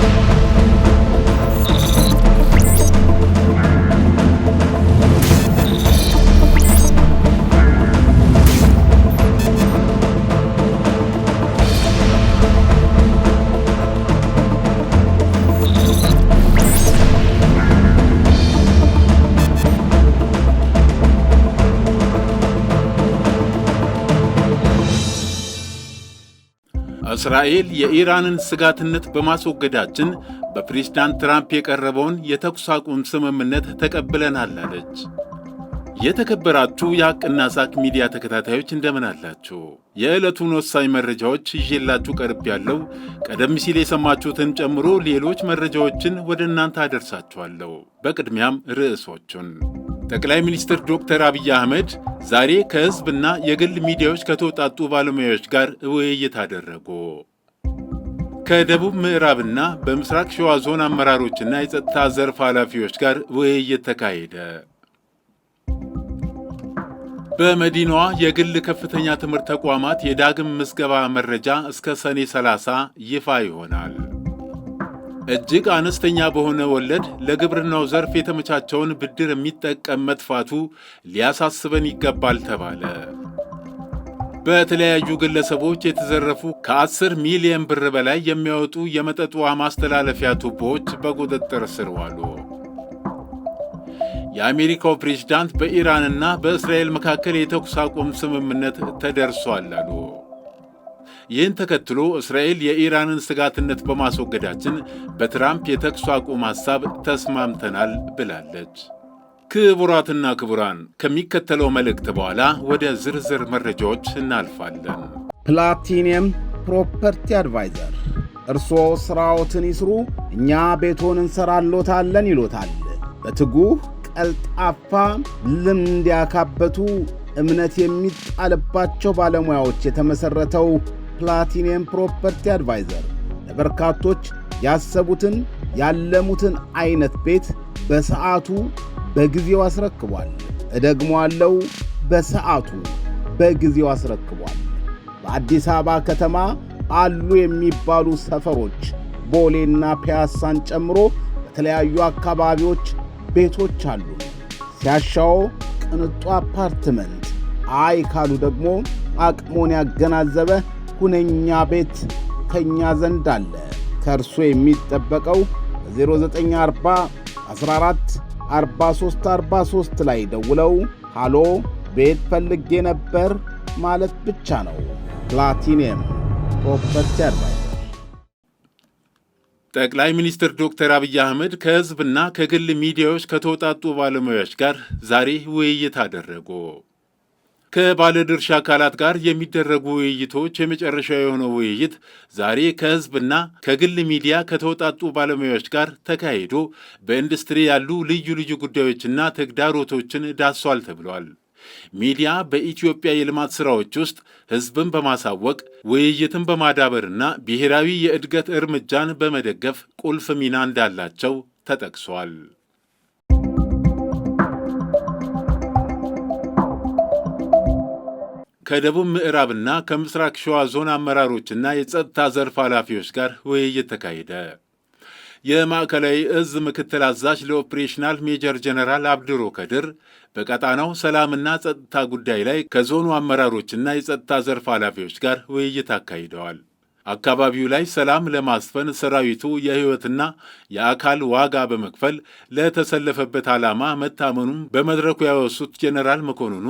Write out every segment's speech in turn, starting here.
Thank you. እስራኤል የኢራንን ስጋትነት በማስወገዳችን በፕሬዝዳንት ትራምፕ የቀረበውን የተኩስ አቁም ስምምነት ተቀብለናል አለች። የተከበራችሁ የሐቅና ሳቅ ሚዲያ ተከታታዮች እንደምን አላችሁ? የዕለቱን ወሳኝ መረጃዎች ይዤላችሁ ቀርብ ያለው ቀደም ሲል የሰማችሁትን ጨምሮ ሌሎች መረጃዎችን ወደ እናንተ አደርሳችኋለሁ። በቅድሚያም ርዕሶቹን ጠቅላይ ሚኒስትር ዶክተር አብይ አህመድ ዛሬ ከህዝብና የግል ሚዲያዎች ከተውጣጡ ባለሙያዎች ጋር ውይይት አደረጉ። ከደቡብ ምዕራብና በምስራቅ ሸዋ ዞን አመራሮችና የጸጥታ ዘርፍ ኃላፊዎች ጋር ውይይት ተካሄደ። በመዲናዋ የግል ከፍተኛ ትምህርት ተቋማት የዳግም ምዝገባ መረጃ እስከ ሰኔ 30 ይፋ ይሆናል። እጅግ አነስተኛ በሆነ ወለድ ለግብርናው ዘርፍ የተመቻቸውን ብድር የሚጠቀም መጥፋቱ ሊያሳስበን ይገባል ተባለ። በተለያዩ ግለሰቦች የተዘረፉ ከ10 ሚሊዮን ብር በላይ የሚያወጡ የመጠጥ ውሃ ማስተላለፊያ ቱቦዎች በቁጥጥር ስር ዋሉ። የአሜሪካው ፕሬዝዳንት በኢራንና በእስራኤል መካከል የተኩስ አቁም ስምምነት ተደርሷል አሉ። ይህን ተከትሎ እስራኤል የኢራንን ስጋትነት በማስወገዳችን በትራምፕ የተኩስ አቁም ሐሳብ ተስማምተናል ብላለች። ክቡራትና ክቡራን ከሚከተለው መልእክት በኋላ ወደ ዝርዝር መረጃዎች እናልፋለን። ፕላቲኒየም ፕሮፐርቲ አድቫይዘር እርስዎ ሥራዎትን ይስሩ፣ እኛ ቤቶን እንሰራሎታለን ይሎታል። በትጉህ ቀልጣፋ፣ ልምድ ያካበቱ እምነት የሚጣልባቸው ባለሙያዎች የተመሠረተው ፕላቲኒየም ፕሮፐርቲ አድቫይዘር ለበርካቶች ያሰቡትን ያለሙትን አይነት ቤት በሰዓቱ በጊዜው አስረክቧል። እደግሞ አለው በሰዓቱ በጊዜው አስረክቧል። በአዲስ አበባ ከተማ አሉ የሚባሉ ሰፈሮች ቦሌና ፒያሳን ጨምሮ በተለያዩ አካባቢዎች ቤቶች አሉ። ሲያሻው ቅንጡ አፓርትመንት፣ አይ ካሉ ደግሞ አቅሞን ያገናዘበ ሁነኛ ቤት ከእኛ ዘንድ አለ። ከእርሱ የሚጠበቀው በ0940 14 ላይ ደውለው ሃሎ ቤት ፈልጌ ነበር ማለት ብቻ ነው። ፕላቲኒየም ፕሮፐርቲ አድቫይዘር። ጠቅላይ ሚኒስትር ዶክተር አብይ አህመድ ከህዝብና ከግል ሚዲያዎች ከተውጣጡ ባለሙያዎች ጋር ዛሬ ውይይት አደረጉ። ከባለድርሻ አካላት ጋር የሚደረጉ ውይይቶች የመጨረሻ የሆነው ውይይት ዛሬ ከህዝብና ከግል ሚዲያ ከተውጣጡ ባለሙያዎች ጋር ተካሂዶ በኢንዱስትሪ ያሉ ልዩ ልዩ ጉዳዮችና ተግዳሮቶችን ዳሷል ተብሏል። ሚዲያ በኢትዮጵያ የልማት ሥራዎች ውስጥ ህዝብን በማሳወቅ ውይይትን በማዳበርና ብሔራዊ የእድገት እርምጃን በመደገፍ ቁልፍ ሚና እንዳላቸው ተጠቅሷል። ከደቡብ ምዕራብና ከምስራቅ ሸዋ ዞን አመራሮችና የጸጥታ ዘርፍ ኃላፊዎች ጋር ውይይት ተካሄደ። የማዕከላዊ እዝ ምክትል አዛዥ ለኦፕሬሽናል ሜጀር ጀነራል አብድሮ ከድር በቀጣናው ሰላምና ጸጥታ ጉዳይ ላይ ከዞኑ አመራሮችና የጸጥታ ዘርፍ ኃላፊዎች ጋር ውይይት አካሂደዋል። አካባቢው ላይ ሰላም ለማስፈን ሰራዊቱ የሕይወትና የአካል ዋጋ በመክፈል ለተሰለፈበት ዓላማ መታመኑም በመድረኩ ያወሱት ጄኔራል መኮንኑ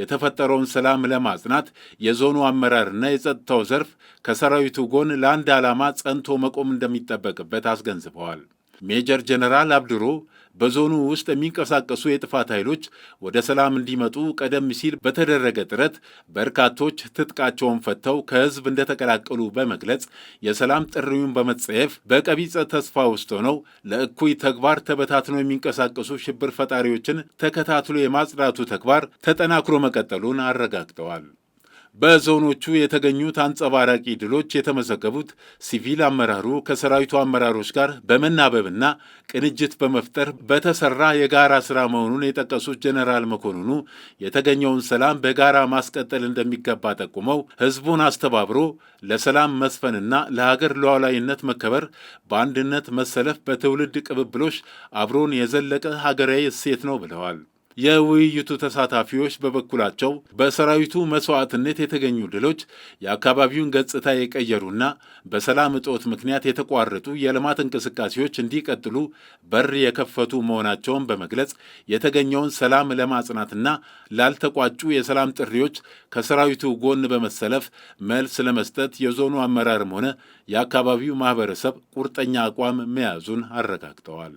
የተፈጠረውን ሰላም ለማጽናት የዞኑ አመራርና የጸጥታው ዘርፍ ከሰራዊቱ ጎን ለአንድ ዓላማ ጸንቶ መቆም እንደሚጠበቅበት አስገንዝበዋል። ሜጀር ጄኔራል አብድሮ በዞኑ ውስጥ የሚንቀሳቀሱ የጥፋት ኃይሎች ወደ ሰላም እንዲመጡ ቀደም ሲል በተደረገ ጥረት በርካቶች ትጥቃቸውን ፈተው ከህዝብ እንደተቀላቀሉ በመግለጽ የሰላም ጥሪውን በመጸየፍ በቀቢጸ ተስፋ ውስጥ ሆነው ለእኩይ ተግባር ተበታትነው የሚንቀሳቀሱ ሽብር ፈጣሪዎችን ተከታትሎ የማጽዳቱ ተግባር ተጠናክሮ መቀጠሉን አረጋግጠዋል። በዞኖቹ የተገኙት አንጸባራቂ ድሎች የተመዘገቡት ሲቪል አመራሩ ከሰራዊቱ አመራሮች ጋር በመናበብና ቅንጅት በመፍጠር በተሰራ የጋራ ስራ መሆኑን የጠቀሱት ጀኔራል መኮንኑ የተገኘውን ሰላም በጋራ ማስቀጠል እንደሚገባ ጠቁመው ህዝቡን አስተባብሮ ለሰላም መስፈንና ለሀገር ሉዓላዊነት መከበር በአንድነት መሰለፍ በትውልድ ቅብብሎች አብሮን የዘለቀ ሀገራዊ እሴት ነው ብለዋል። የውይይቱ ተሳታፊዎች በበኩላቸው በሰራዊቱ መስዋዕትነት የተገኙ ድሎች የአካባቢውን ገጽታ የቀየሩና በሰላም እጦት ምክንያት የተቋረጡ የልማት እንቅስቃሴዎች እንዲቀጥሉ በር የከፈቱ መሆናቸውን በመግለጽ የተገኘውን ሰላም ለማጽናትና ላልተቋጩ የሰላም ጥሪዎች ከሰራዊቱ ጎን በመሰለፍ መልስ ለመስጠት የዞኑ አመራርም ሆነ የአካባቢው ማህበረሰብ ቁርጠኛ አቋም መያዙን አረጋግጠዋል።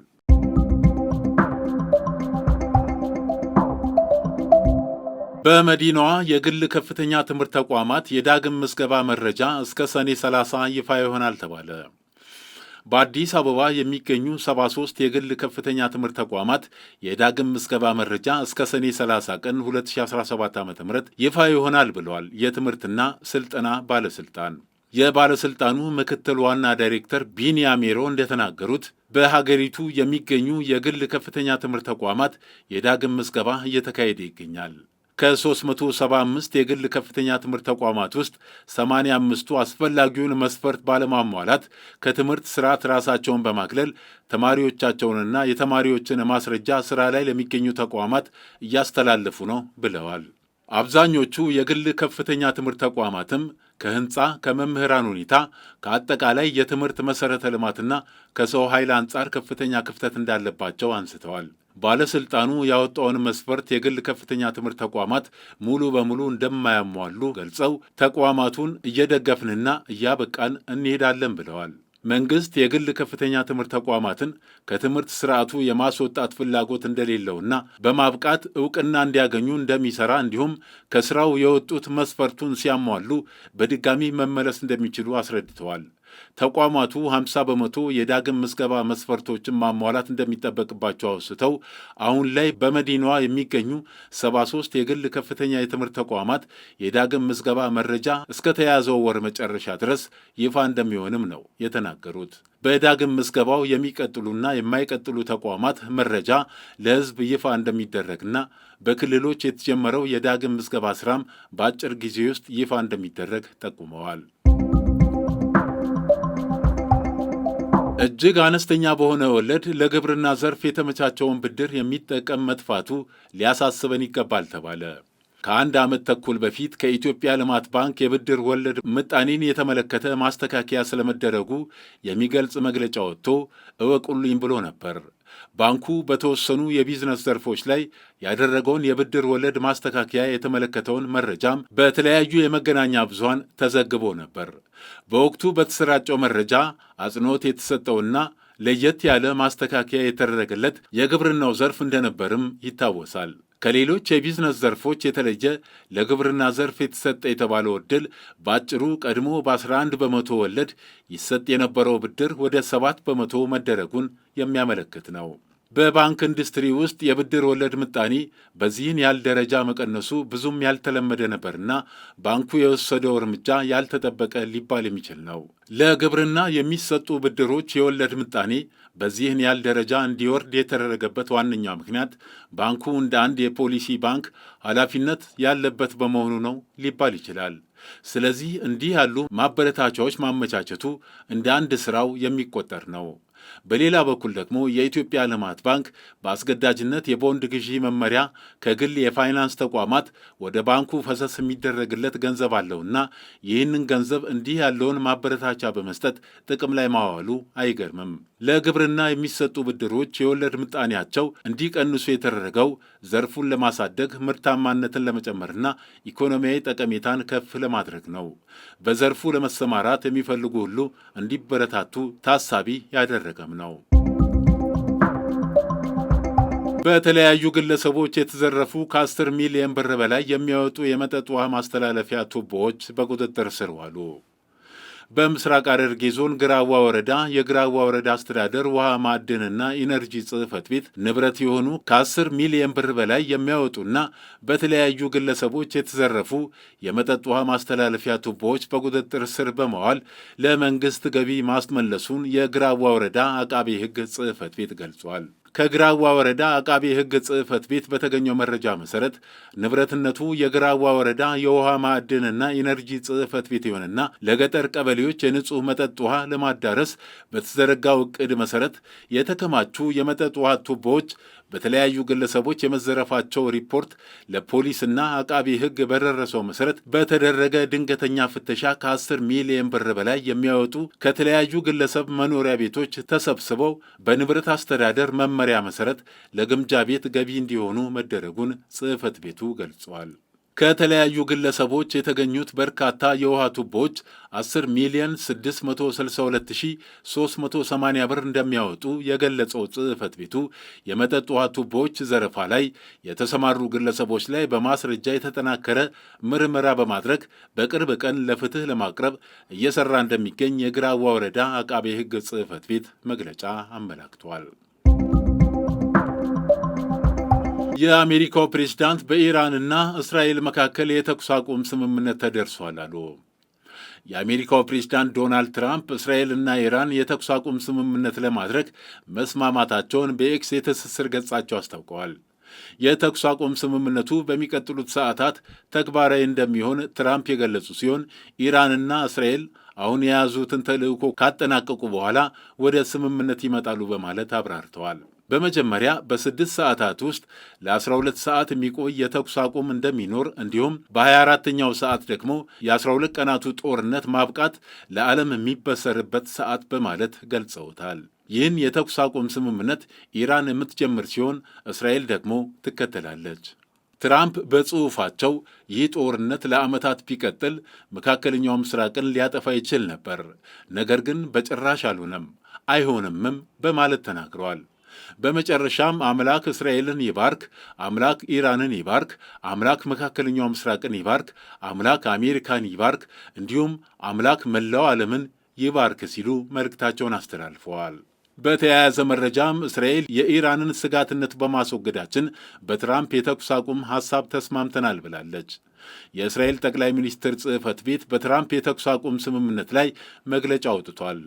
በመዲናዋ የግል ከፍተኛ ትምህርት ተቋማት የዳግም ምዝገባ መረጃ እስከ ሰኔ 30 ይፋ ይሆናል ተባለ። በአዲስ አበባ የሚገኙ 73 የግል ከፍተኛ ትምህርት ተቋማት የዳግም ምዝገባ መረጃ እስከ ሰኔ 30 ቀን 2017 ዓ ም ይፋ ይሆናል ብለዋል የትምህርትና ስልጠና ባለስልጣን የባለስልጣኑ ምክትል ዋና ዳይሬክተር ቢንያሜሮ እንደተናገሩት በሀገሪቱ የሚገኙ የግል ከፍተኛ ትምህርት ተቋማት የዳግም ምዝገባ እየተካሄደ ይገኛል። ከ375 የግል ከፍተኛ ትምህርት ተቋማት ውስጥ 85ቱ አስፈላጊውን መስፈርት ባለማሟላት ከትምህርት ስርዓት ራሳቸውን በማግለል ተማሪዎቻቸውንና የተማሪዎችን ማስረጃ ስራ ላይ ለሚገኙ ተቋማት እያስተላለፉ ነው ብለዋል። አብዛኞቹ የግል ከፍተኛ ትምህርት ተቋማትም ከህንፃ ከመምህራን ሁኔታ ከአጠቃላይ የትምህርት መሠረተ ልማትና ከሰው ኃይል አንጻር ከፍተኛ ክፍተት እንዳለባቸው አንስተዋል። ባለስልጣኑ ያወጣውን መስፈርት የግል ከፍተኛ ትምህርት ተቋማት ሙሉ በሙሉ እንደማያሟሉ ገልጸው ተቋማቱን እየደገፍንና እያበቃን እንሄዳለን ብለዋል። መንግስት የግል ከፍተኛ ትምህርት ተቋማትን ከትምህርት ስርዓቱ የማስወጣት ፍላጎት እንደሌለውና በማብቃት እውቅና እንዲያገኙ እንደሚሰራ እንዲሁም ከስራው የወጡት መስፈርቱን ሲያሟሉ በድጋሚ መመለስ እንደሚችሉ አስረድተዋል። ተቋማቱ 50 በመቶ የዳግም ምዝገባ መስፈርቶችን ማሟላት እንደሚጠበቅባቸው አውስተው አሁን ላይ በመዲናዋ የሚገኙ 73 የግል ከፍተኛ የትምህርት ተቋማት የዳግም ምዝገባ መረጃ እስከ ተያዘው ወር መጨረሻ ድረስ ይፋ እንደሚሆንም ነው የተናገሩት። በዳግም ምዝገባው የሚቀጥሉና የማይቀጥሉ ተቋማት መረጃ ለሕዝብ ይፋ እንደሚደረግና በክልሎች የተጀመረው የዳግም ምዝገባ ስራም በአጭር ጊዜ ውስጥ ይፋ እንደሚደረግ ጠቁመዋል። እጅግ አነስተኛ በሆነ ወለድ ለግብርና ዘርፍ የተመቻቸውን ብድር የሚጠቀም መጥፋቱ ሊያሳስበን ይገባል ተባለ። ከአንድ ዓመት ተኩል በፊት ከኢትዮጵያ ልማት ባንክ የብድር ወለድ ምጣኔን የተመለከተ ማስተካከያ ስለመደረጉ የሚገልጽ መግለጫ ወጥቶ እወቁልኝ ብሎ ነበር። ባንኩ በተወሰኑ የቢዝነስ ዘርፎች ላይ ያደረገውን የብድር ወለድ ማስተካከያ የተመለከተውን መረጃም በተለያዩ የመገናኛ ብዙሃን ተዘግቦ ነበር። በወቅቱ በተሰራጨው መረጃ አጽንዖት የተሰጠውና ለየት ያለ ማስተካከያ የተደረገለት የግብርናው ዘርፍ እንደነበርም ይታወሳል። ከሌሎች የቢዝነስ ዘርፎች የተለየ ለግብርና ዘርፍ የተሰጠ የተባለው ዕድል በአጭሩ ቀድሞ በ11 በመቶ ወለድ ይሰጥ የነበረው ብድር ወደ 7 በመቶ መደረጉን የሚያመለክት ነው። በባንክ ኢንዱስትሪ ውስጥ የብድር ወለድ ምጣኔ በዚህን ያህል ደረጃ መቀነሱ ብዙም ያልተለመደ ነበርና ባንኩ የወሰደው እርምጃ ያልተጠበቀ ሊባል የሚችል ነው። ለግብርና የሚሰጡ ብድሮች የወለድ ምጣኔ በዚህን ያህል ደረጃ እንዲወርድ የተደረገበት ዋነኛ ምክንያት ባንኩ እንደ አንድ የፖሊሲ ባንክ ኃላፊነት ያለበት በመሆኑ ነው ሊባል ይችላል። ስለዚህ እንዲህ ያሉ ማበረታቻዎች ማመቻቸቱ እንደ አንድ ስራው የሚቆጠር ነው። በሌላ በኩል ደግሞ የኢትዮጵያ ልማት ባንክ በአስገዳጅነት የቦንድ ግዢ መመሪያ ከግል የፋይናንስ ተቋማት ወደ ባንኩ ፈሰስ የሚደረግለት ገንዘብ አለውና ይህንን ገንዘብ እንዲህ ያለውን ማበረታቻ በመስጠት ጥቅም ላይ ማዋሉ አይገርምም። ለግብርና የሚሰጡ ብድሮች የወለድ ምጣኔያቸው እንዲቀንሱ የተደረገው ዘርፉን ለማሳደግ ምርታማነትን ለመጨመርና ኢኮኖሚያዊ ጠቀሜታን ከፍ ለማድረግ ነው። በዘርፉ ለመሰማራት የሚፈልጉ ሁሉ እንዲበረታቱ ታሳቢ ያደረገም ነው። በተለያዩ ግለሰቦች የተዘረፉ ከአስር ሚሊየን ብር በላይ የሚያወጡ የመጠጥ ውሃ ማስተላለፊያ ቱቦዎች በቁጥጥር ስር ዋሉ። በምስራቅ ሐረርጌ ዞን ግራዋ ወረዳ የግራዋ ወረዳ አስተዳደር ውሃ ማዕድንና ኢነርጂ ጽህፈት ቤት ንብረት የሆኑ ከ10 ሚሊየን ብር በላይ የሚያወጡና በተለያዩ ግለሰቦች የተዘረፉ የመጠጥ ውሃ ማስተላለፊያ ቱቦዎች በቁጥጥር ስር በመዋል ለመንግስት ገቢ ማስመለሱን የግራዋ ወረዳ አቃቤ ሕግ ጽህፈት ቤት ገልጿል። ከግራዋ ወረዳ አቃቤ ሕግ ጽሕፈት ቤት በተገኘው መረጃ መሰረት ንብረትነቱ የግራዋ ወረዳ የውሃ ማዕድንና ኢነርጂ ጽሕፈት ቤት ይሆንና ለገጠር ቀበሌዎች የንጹህ መጠጥ ውሃ ለማዳረስ በተዘረጋው እቅድ መሰረት የተከማቹ የመጠጥ ውሃ ቱቦዎች በተለያዩ ግለሰቦች የመዘረፋቸው ሪፖርት ለፖሊስና አቃቢ ሕግ በደረሰው መሰረት በተደረገ ድንገተኛ ፍተሻ ከ10 ሚሊየን ብር በላይ የሚያወጡ ከተለያዩ ግለሰብ መኖሪያ ቤቶች ተሰብስበው በንብረት አስተዳደር መመሪያ መሰረት ለግምጃ ቤት ገቢ እንዲሆኑ መደረጉን ጽሕፈት ቤቱ ገልጿል። ከተለያዩ ግለሰቦች የተገኙት በርካታ የውሃ ቱቦዎች 10 ሚሊዮን 662380 ብር እንደሚያወጡ የገለጸው ጽህፈት ቤቱ የመጠጥ ውሃ ቱቦዎች ዘረፋ ላይ የተሰማሩ ግለሰቦች ላይ በማስረጃ የተጠናከረ ምርመራ በማድረግ በቅርብ ቀን ለፍትህ ለማቅረብ እየሰራ እንደሚገኝ የግራዋ ወረዳ አቃቤ ሕግ ጽህፈት ቤት መግለጫ አመላክቷል። የአሜሪካው ፕሬዝዳንት በኢራንና እስራኤል መካከል የተኩስ አቁም ስምምነት ተደርሷል አሉ። የአሜሪካው ፕሬዝዳንት ዶናልድ ትራምፕ እስራኤልና ኢራን የተኩስ አቁም ስምምነት ለማድረግ መስማማታቸውን በኤክስ የትስስር ገጻቸው አስታውቀዋል። የተኩስ አቁም ስምምነቱ በሚቀጥሉት ሰዓታት ተግባራዊ እንደሚሆን ትራምፕ የገለጹ ሲሆን ኢራንና እስራኤል አሁን የያዙትን ተልዕኮ ካጠናቀቁ በኋላ ወደ ስምምነት ይመጣሉ በማለት አብራርተዋል። በመጀመሪያ በስድስት ሰዓታት ውስጥ ለ12 ሰዓት የሚቆይ የተኩስ አቁም እንደሚኖር እንዲሁም በ 24 ተኛው ሰዓት ደግሞ የ12 ቀናቱ ጦርነት ማብቃት ለዓለም የሚበሰርበት ሰዓት በማለት ገልጸውታል። ይህን የተኩስ አቁም ስምምነት ኢራን የምትጀምር ሲሆን እስራኤል ደግሞ ትከተላለች። ትራምፕ በጽሑፋቸው ይህ ጦርነት ለዓመታት ቢቀጥል መካከለኛው ምስራቅን ሊያጠፋ ይችል ነበር፣ ነገር ግን በጭራሽ አልሆነም አይሆንምም በማለት ተናግረዋል። በመጨረሻም አምላክ እስራኤልን ይባርክ፣ አምላክ ኢራንን ይባርክ፣ አምላክ መካከለኛው ምስራቅን ይባርክ፣ አምላክ አሜሪካን ይባርክ፣ እንዲሁም አምላክ መላው ዓለምን ይባርክ ሲሉ መልእክታቸውን አስተላልፈዋል። በተያያዘ መረጃም እስራኤል የኢራንን ስጋትነት በማስወገዳችን በትራምፕ የተኩስ አቁም ሐሳብ ተስማምተናል ብላለች። የእስራኤል ጠቅላይ ሚኒስትር ጽሕፈት ቤት በትራምፕ የተኩስ አቁም ስምምነት ላይ መግለጫ አውጥቷል።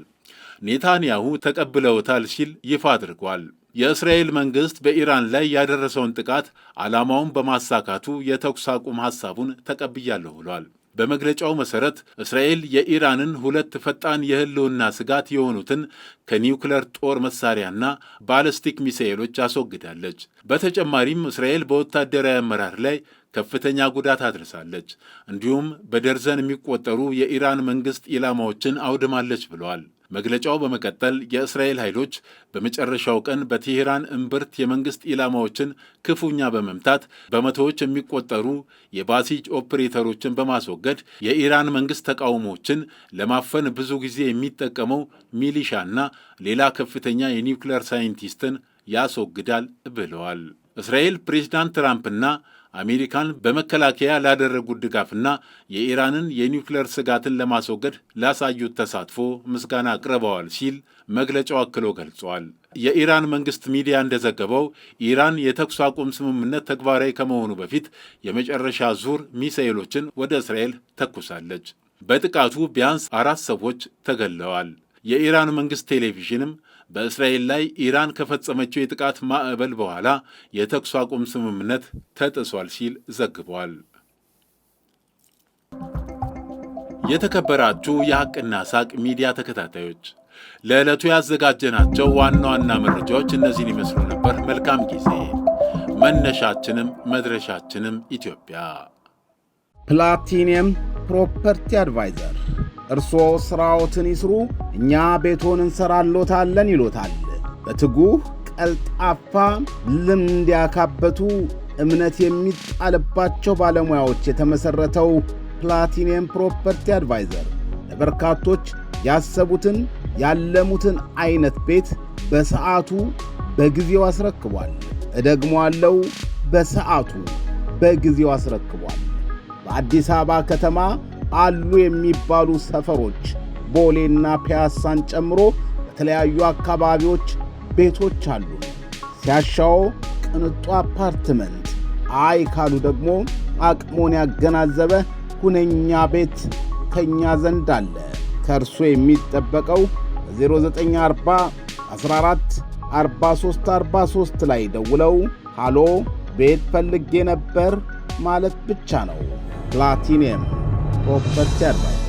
ኔታንያሁ ተቀብለውታል ሲል ይፋ አድርጓል። የእስራኤል መንግስት በኢራን ላይ ያደረሰውን ጥቃት ዓላማውን በማሳካቱ የተኩስ አቁም ሐሳቡን ተቀብያለሁ ብሏል። በመግለጫው መሠረት እስራኤል የኢራንን ሁለት ፈጣን የህልውና ስጋት የሆኑትን ከኒውክለር ጦር መሳሪያና ባለስቲክ ሚሳኤሎች አስወግዳለች። በተጨማሪም እስራኤል በወታደራዊ አመራር ላይ ከፍተኛ ጉዳት አድርሳለች። እንዲሁም በደርዘን የሚቆጠሩ የኢራን መንግሥት ኢላማዎችን አውድማለች ብለዋል። መግለጫው በመቀጠል የእስራኤል ኃይሎች በመጨረሻው ቀን በቴሄራን እምብርት የመንግሥት ኢላማዎችን ክፉኛ በመምታት በመቶዎች የሚቆጠሩ የባሲጅ ኦፕሬተሮችን በማስወገድ የኢራን መንግሥት ተቃውሞዎችን ለማፈን ብዙ ጊዜ የሚጠቀመው ሚሊሻና ሌላ ከፍተኛ የኒውክሌር ሳይንቲስትን ያስወግዳል ብለዋል። እስራኤል ፕሬዚዳንት ትራምፕና አሜሪካን በመከላከያ ላደረጉት ድጋፍና የኢራንን የኒውክሌር ስጋትን ለማስወገድ ላሳዩት ተሳትፎ ምስጋና አቅርበዋል ሲል መግለጫው አክሎ ገልጿል። የኢራን መንግስት ሚዲያ እንደዘገበው ኢራን የተኩስ አቁም ስምምነት ተግባራዊ ከመሆኑ በፊት የመጨረሻ ዙር ሚሳኤሎችን ወደ እስራኤል ተኩሳለች። በጥቃቱ ቢያንስ አራት ሰዎች ተገለዋል። የኢራን መንግስት ቴሌቪዥንም በእስራኤል ላይ ኢራን ከፈጸመችው የጥቃት ማዕበል በኋላ የተኩስ አቁም ስምምነት ተጥሷል ሲል ዘግቧል። የተከበራችሁ የሐቅና ሳቅ ሚዲያ ተከታታዮች ለዕለቱ ያዘጋጀናቸው ዋና ዋና መረጃዎች እነዚህን ይመስሉ ነበር። መልካም ጊዜ። መነሻችንም መድረሻችንም ኢትዮጵያ። ፕላቲኒየም ፕሮፐርቲ አድቫይዘር እርስዎ ሥራዎትን ይስሩ፣ እኛ ቤቶን እንሰራሎታለን ይሎታል። በትጉህ ቀልጣፋ ልምድ ያካበቱ እምነት የሚጣልባቸው ባለሙያዎች የተመሠረተው ፕላቲኒየም ፕሮፐርቲ አድቫይዘር ለበርካቶች ያሰቡትን ያለሙትን አይነት ቤት በሰዓቱ በጊዜው አስረክቧል። እደግሞ አለው በሰዓቱ በጊዜው አስረክቧል። በአዲስ አበባ ከተማ አሉ የሚባሉ ሰፈሮች ቦሌና ፒያሳን ጨምሮ በተለያዩ አካባቢዎች ቤቶች አሉ። ሲያሻው ቅንጡ አፓርትመንት፣ አይ ካሉ ደግሞ አቅሞን ያገናዘበ ሁነኛ ቤት ከኛ ዘንድ አለ። ከእርሶ የሚጠበቀው በ0940 14 ላይ ደውለው ሃሎ ቤት ፈልጌ ነበር ማለት ብቻ ነው። ፕላቲኒየም ઓફ પર ચાર